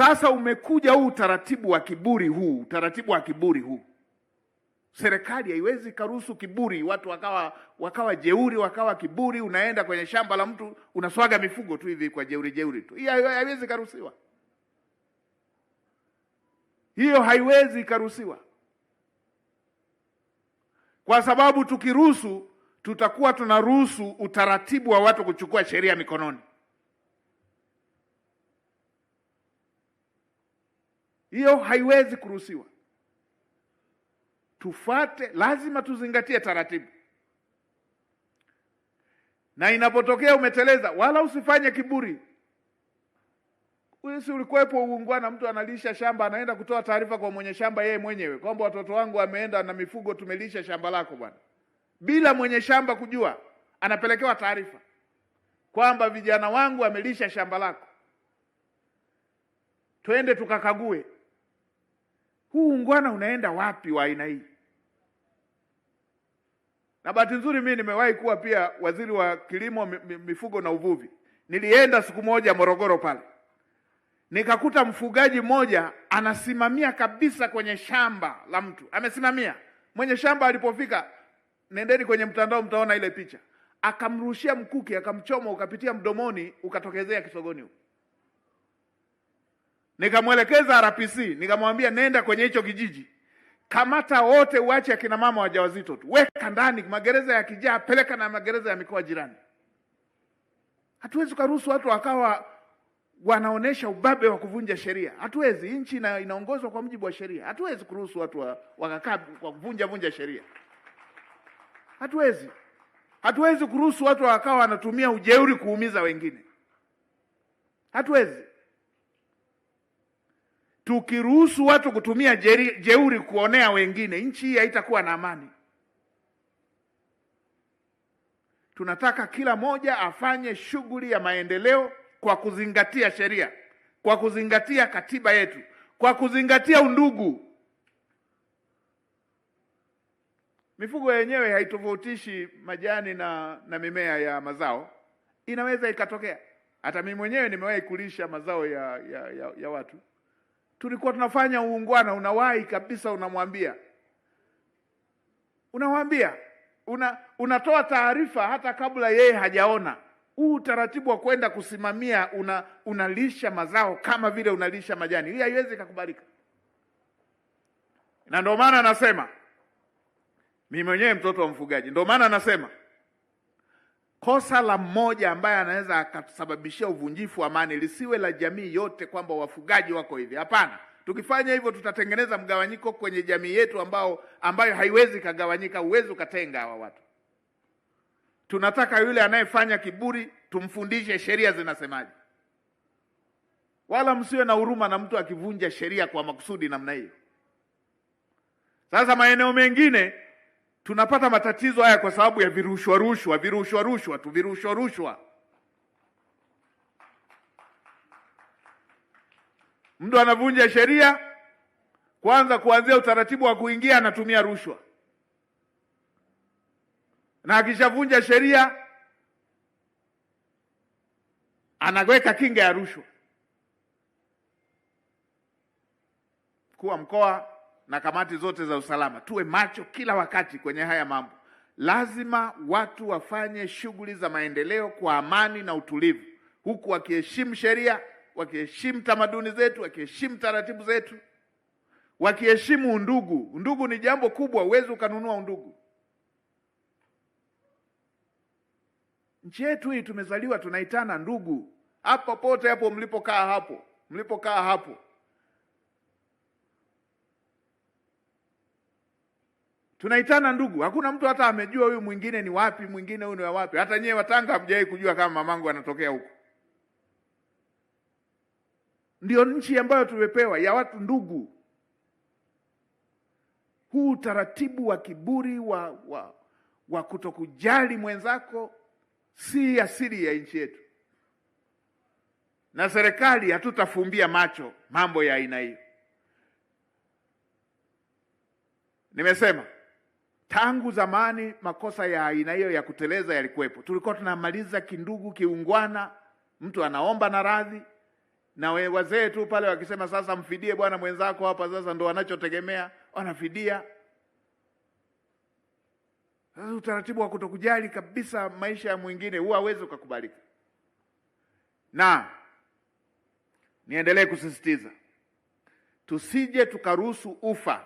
Sasa umekuja huu utaratibu wa kiburi huu, utaratibu wa kiburi huu. Serikali haiwezi karuhusu kiburi, watu wakawa wakawa jeuri, wakawa kiburi. Unaenda kwenye shamba la mtu unaswaga mifugo tu hivi kwa jeuri jeuri tu, hiyo haiwezi karuhusiwa, hiyo haiwezi karuhusiwa, kwa sababu tukiruhusu tutakuwa tunaruhusu utaratibu wa watu kuchukua sheria mikononi. Hiyo haiwezi kuruhusiwa. Tufate, lazima tuzingatie taratibu, na inapotokea umeteleza, wala usifanye kiburi. Si ulikuwepo uungwana, mtu analisha shamba, anaenda kutoa taarifa kwa mwenye shamba yeye mwenyewe kwamba watoto wangu wameenda na mifugo, tumelisha shamba lako bwana, bila mwenye shamba kujua, anapelekewa taarifa kwamba vijana wangu wamelisha shamba lako, twende tukakague. Huu ungwana unaenda wapi wa aina hii? Na bahati nzuri mimi nimewahi kuwa pia waziri wa kilimo, mifugo na uvuvi. Nilienda siku moja Morogoro pale nikakuta mfugaji mmoja anasimamia kabisa kwenye shamba la mtu, amesimamia mwenye shamba. Alipofika, nendeni kwenye mtandao mtaona ile picha, akamrushia mkuki, akamchoma ukapitia mdomoni, ukatokezea kisogoni huko. Nikamwelekeza RPC nikamwambia, nenda kwenye hicho kijiji, kamata wote, uache akina mama wajawazito tu, weka ndani magereza ya kijaa, peleka na magereza ya mikoa jirani. Hatuwezi kuruhusu watu wakawa wanaonesha ubabe wa kuvunja sheria. Hatuwezi, nchi inaongozwa kwa mujibu wa sheria. Hatuwezi kuruhusu watu wakakaa kwa kuvunja vunja sheria, hatuwezi. Hatuwezi kuruhusu watu wakawa wanatumia ujeuri kuumiza wengine, hatuwezi. Tukiruhusu watu kutumia jeri, jeuri kuonea wengine, nchi hii haitakuwa na amani. Tunataka kila moja afanye shughuli ya maendeleo kwa kuzingatia sheria, kwa kuzingatia katiba yetu, kwa kuzingatia undugu. Mifugo yenyewe haitofautishi majani na, na mimea ya mazao, inaweza ikatokea. Hata mimi mwenyewe nimewahi kulisha mazao ya, ya, ya, ya watu tulikuwa tunafanya uungwana, unawahi kabisa, unamwambia unamwambia una, unatoa taarifa hata kabla yeye hajaona. Huu utaratibu wa kwenda kusimamia una, unalisha mazao kama vile unalisha majani, hii haiwezi kukubalika, na ndio maana anasema mimi mwenyewe mtoto wa mfugaji, ndio maana anasema kosa la mmoja ambaye anaweza akasababishia uvunjifu wa amani lisiwe la jamii yote, kwamba wafugaji wako hivi. Hapana, tukifanya hivyo tutatengeneza mgawanyiko kwenye jamii yetu ambao ambayo haiwezi kagawanyika huwezi ukatenga hawa watu. Tunataka yule anayefanya kiburi tumfundishe sheria zinasemaje, wala msiwe na huruma na mtu akivunja sheria kwa makusudi namna hiyo. Sasa maeneo mengine Tunapata matatizo haya kwa sababu ya virushwa rushwa, virushwa rushwa tu, virushwa rushwa. Mtu anavunja sheria kwanza, kuanzia utaratibu wa kuingia anatumia rushwa, na akishavunja sheria anaweka kinga ya rushwa. Mkuu wa mkoa na kamati zote za usalama, tuwe macho kila wakati kwenye haya mambo. Lazima watu wafanye shughuli za maendeleo kwa amani na utulivu, huku wakiheshimu sheria, wakiheshimu tamaduni zetu, wakiheshimu taratibu zetu, wakiheshimu undugu. Undugu ni jambo kubwa, huwezi ukanunua undugu. Nchi yetu hii tumezaliwa tunaitana ndugu, hapo pote hapo mlipokaa, hapo mlipokaa hapo tunaitana ndugu, hakuna mtu hata amejua huyu mwingine ni wapi, mwingine huyu ni wa wapi. Hata nyewe Watanga hamjawahi kujua kama mamangu anatokea huko. Ndio nchi ambayo tumepewa ya watu ndugu. Huu utaratibu wa kiburi wa, wa, wa kutokujali mwenzako si asili ya nchi yetu, na serikali hatutafumbia macho mambo ya aina hiyo. Nimesema Tangu zamani makosa ya aina hiyo ya kuteleza yalikuwepo. Tulikuwa tunamaliza kindugu, kiungwana, mtu anaomba na radhi, na wazee tu pale wakisema sasa mfidie bwana mwenzako hapa, sasa ndo wanachotegemea, wanafidia. Sasa utaratibu wa kutokujali kabisa maisha ya mwingine huwa hawezi ukakubalika, na niendelee kusisitiza tusije tukaruhusu ufa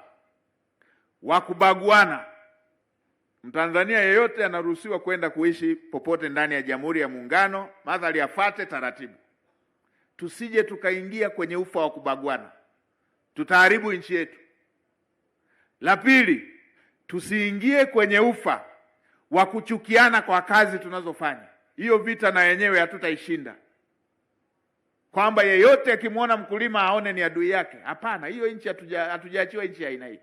wa kubaguana Mtanzania yeyote anaruhusiwa kwenda kuishi popote ndani ya Jamhuri ya Muungano, madhali afate taratibu. Tusije tukaingia kwenye ufa wa kubagwana, tutaharibu nchi yetu. La pili, tusiingie kwenye ufa wa kuchukiana kwa kazi tunazofanya. Hiyo vita na yenyewe hatutaishinda, kwamba yeyote akimwona mkulima aone ni adui yake. Hapana, hiyo nchi hatujaachiwa, hatuja nchi ya aina hii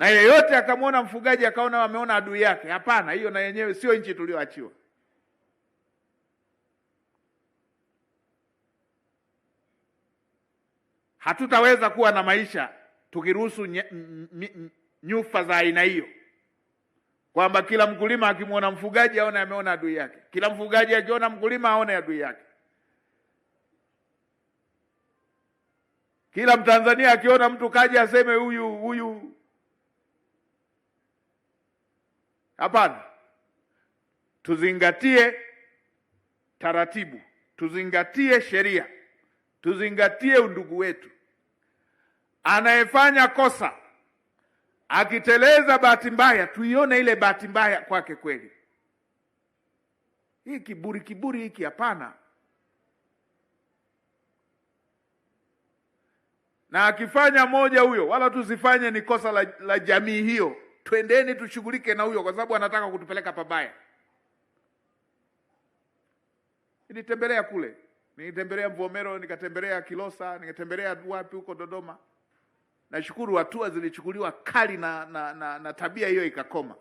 na yeyote akamwona mfugaji akaona ameona adui yake. Hapana, hiyo na yenyewe sio nchi tulioachiwa. Hatutaweza kuwa na maisha tukiruhusu nyufa za aina hiyo, kwamba kila mkulima akimwona mfugaji aone ameona adui yake, kila mfugaji akiona mkulima aone adui yake, kila Mtanzania akiona mtu kaja aseme huyu huyu Hapana, tuzingatie taratibu, tuzingatie sheria, tuzingatie undugu wetu. Anayefanya kosa akiteleza bahati mbaya, tuione ile bahati mbaya kwake kweli. Hii kiburi kiburi hiki, hapana. Na akifanya moja huyo, wala tusifanye ni kosa la, la jamii hiyo twendeni tushughulike na huyo, kwa sababu anataka kutupeleka pabaya. Nilitembelea kule, nilitembelea Mvomero, nikatembelea Kilosa, nikatembelea wapi huko Dodoma. Nashukuru hatua zilichukuliwa kali na, na, na, na tabia hiyo ikakoma.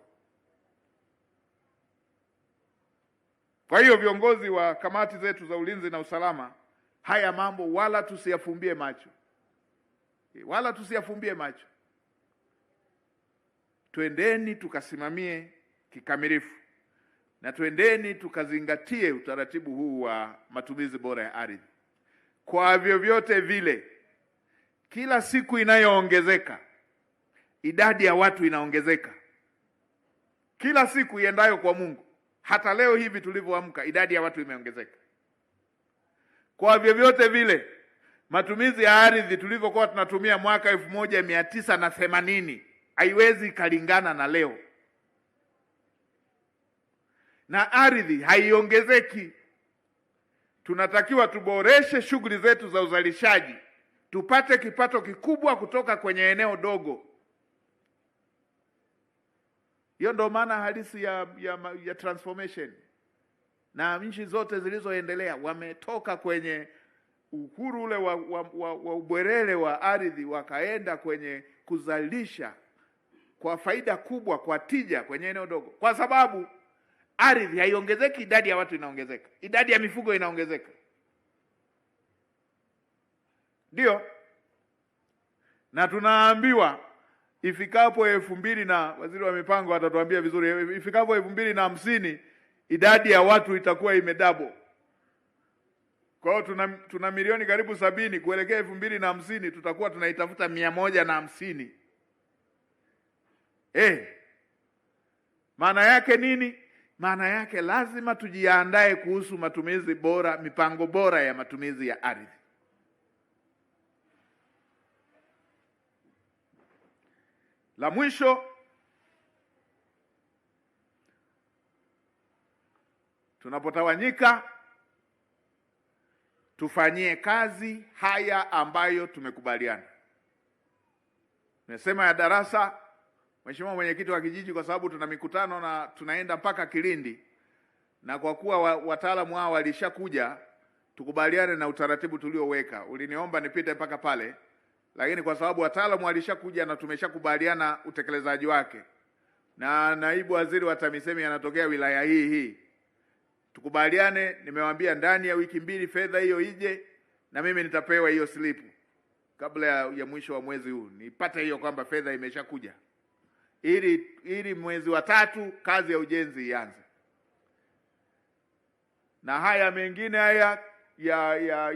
Kwa hiyo viongozi wa kamati zetu za ulinzi na usalama, haya mambo wala tusiyafumbie macho, wala tusiyafumbie macho. Twendeni tukasimamie kikamilifu na twendeni tukazingatie utaratibu huu wa matumizi bora ya ardhi. Kwa vyovyote vile, kila siku inayoongezeka idadi ya watu inaongezeka, kila siku iendayo kwa Mungu. Hata leo hivi tulivyoamka, idadi ya watu imeongezeka. Kwa vyovyote vile, matumizi ya ardhi tulivyokuwa tunatumia mwaka elfu moja mia tisa na themanini haiwezi ikalingana na leo, na ardhi haiongezeki. Tunatakiwa tuboreshe shughuli zetu za uzalishaji, tupate kipato kikubwa kutoka kwenye eneo dogo. Hiyo ndio maana halisi ya, ya, ya transformation na nchi zote zilizoendelea wametoka kwenye uhuru ule wa, wa, wa, wa ubwerele wa ardhi wakaenda kwenye kuzalisha kwa faida kubwa, kwa tija kwenye eneo dogo, kwa sababu ardhi haiongezeki, idadi ya watu inaongezeka, idadi ya mifugo inaongezeka. Ndio, na tunaambiwa ifikapo elfu mbili na waziri wa mipango atatuambia vizuri, ifikapo elfu mbili na hamsini idadi ya watu itakuwa imedabo. Kwa hiyo tuna, tuna milioni karibu sabini kuelekea elfu mbili na hamsini tutakuwa tunaitafuta mia moja na hamsini eh. Maana yake nini? Maana yake lazima tujiandae kuhusu matumizi bora, mipango bora ya matumizi ya ardhi. La mwisho tunapotawanyika tufanyie kazi haya ambayo tumekubaliana. Nimesema ya darasa Mheshimiwa mwenyekiti wa kijiji, kwa sababu tuna mikutano na tunaenda mpaka Kilindi, na kwa kuwa wataalamu hao walishakuja, tukubaliane na utaratibu tulioweka. Uliniomba nipite mpaka pale, lakini kwa sababu wataalamu walishakuja na tumeshakubaliana utekelezaji wake, na naibu waziri wa TAMISEMI anatokea wilaya hii hii, tukubaliane. Nimewambia ndani ya wiki mbili fedha hiyo ije, na mimi nitapewa hiyo slipu kabla ya mwisho wa mwezi huu, nipate hiyo kwamba fedha imeshakuja ili ili mwezi wa tatu kazi ya ujenzi ianze, na haya mengine haya ya, ya